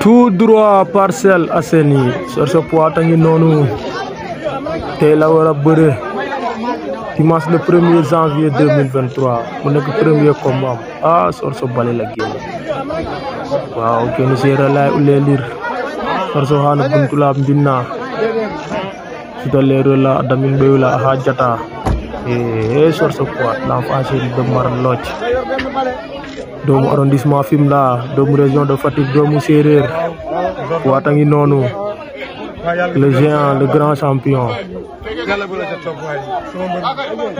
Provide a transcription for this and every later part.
tout droit Parcelles Assainies Cerce Pointe a ngi noonu tey la war bëre dimanche le premier janvier deux mille vingt trois mu nekk premier combat ah Cerce bale la génn waaw kenn seera lay ulelir Cerce xaana buntu la mbinna sutaleero la damin beyu la a et sor ce quoi l'enfant chéri de Marloch doomu arrondissement Fimela doomu région de Fatick doomu séeréer waata ngi le géant le grand champion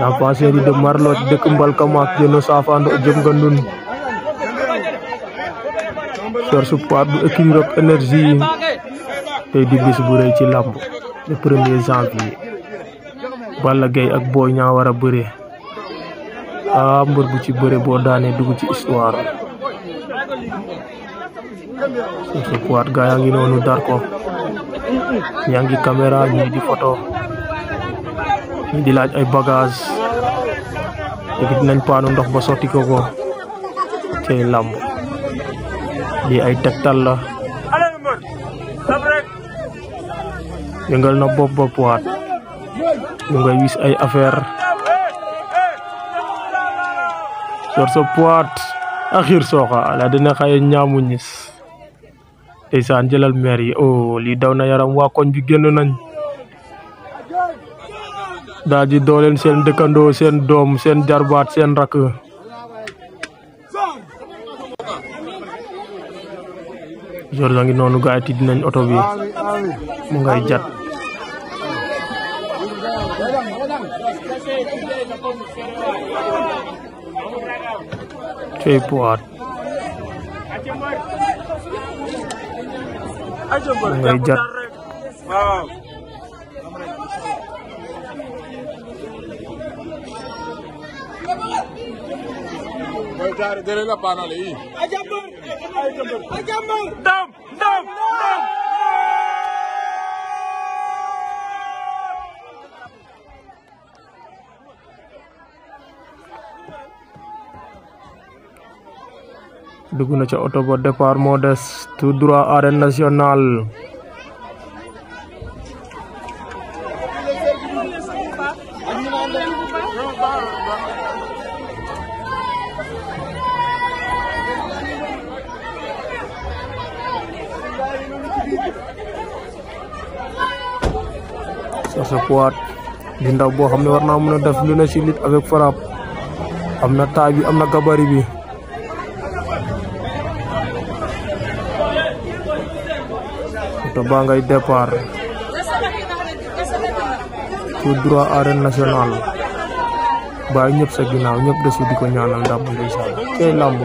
l'enfant chéri de Marloch de Mbalkamak jeno safando o jëm gandun sur ce poids bu équilibre énergie tey di bis bu rëy ci lamb janvier Balla gay ak Boy Niang wara beure ah mbër bu ci beure bo daane dug ci histoire su kuwaat gaa ga ngi nonu dar ko ñaa camera ni di photo ni di laaj ay bagage yëkkati nañ paanu ndox ba soti ko ko te làmb di ay tektal la yëngal na bopp ba puwaat da ngay wis ay affaire sor sa akhir soxa ala dina xaye ñaamu ñis ndeysaan jëlal yi oh li daw na yaram waa koñ bi génn nañ daal di dooleen seen dëkkandoo seen doom seen jarbaat seen rakk jor la ngi noonu gaay dinañ bi mu ngay jat Cuy puat. Ngejat. Wow. Dere la pana leí. Ajambar, dam, dam. duguna ci auto oto ba départ mo dess tout droit arène nationale Sacha Poitt di ndaw bo xamni warna mëna def lu ne ci nit avec frappe amna taay bi amna na gabari bi oto baa ngay départ tout droit arène nationale bàyyi ñëpp sa ginnaaw ñëpp desu di ko ñaanal ndam ndeysaan cey làmb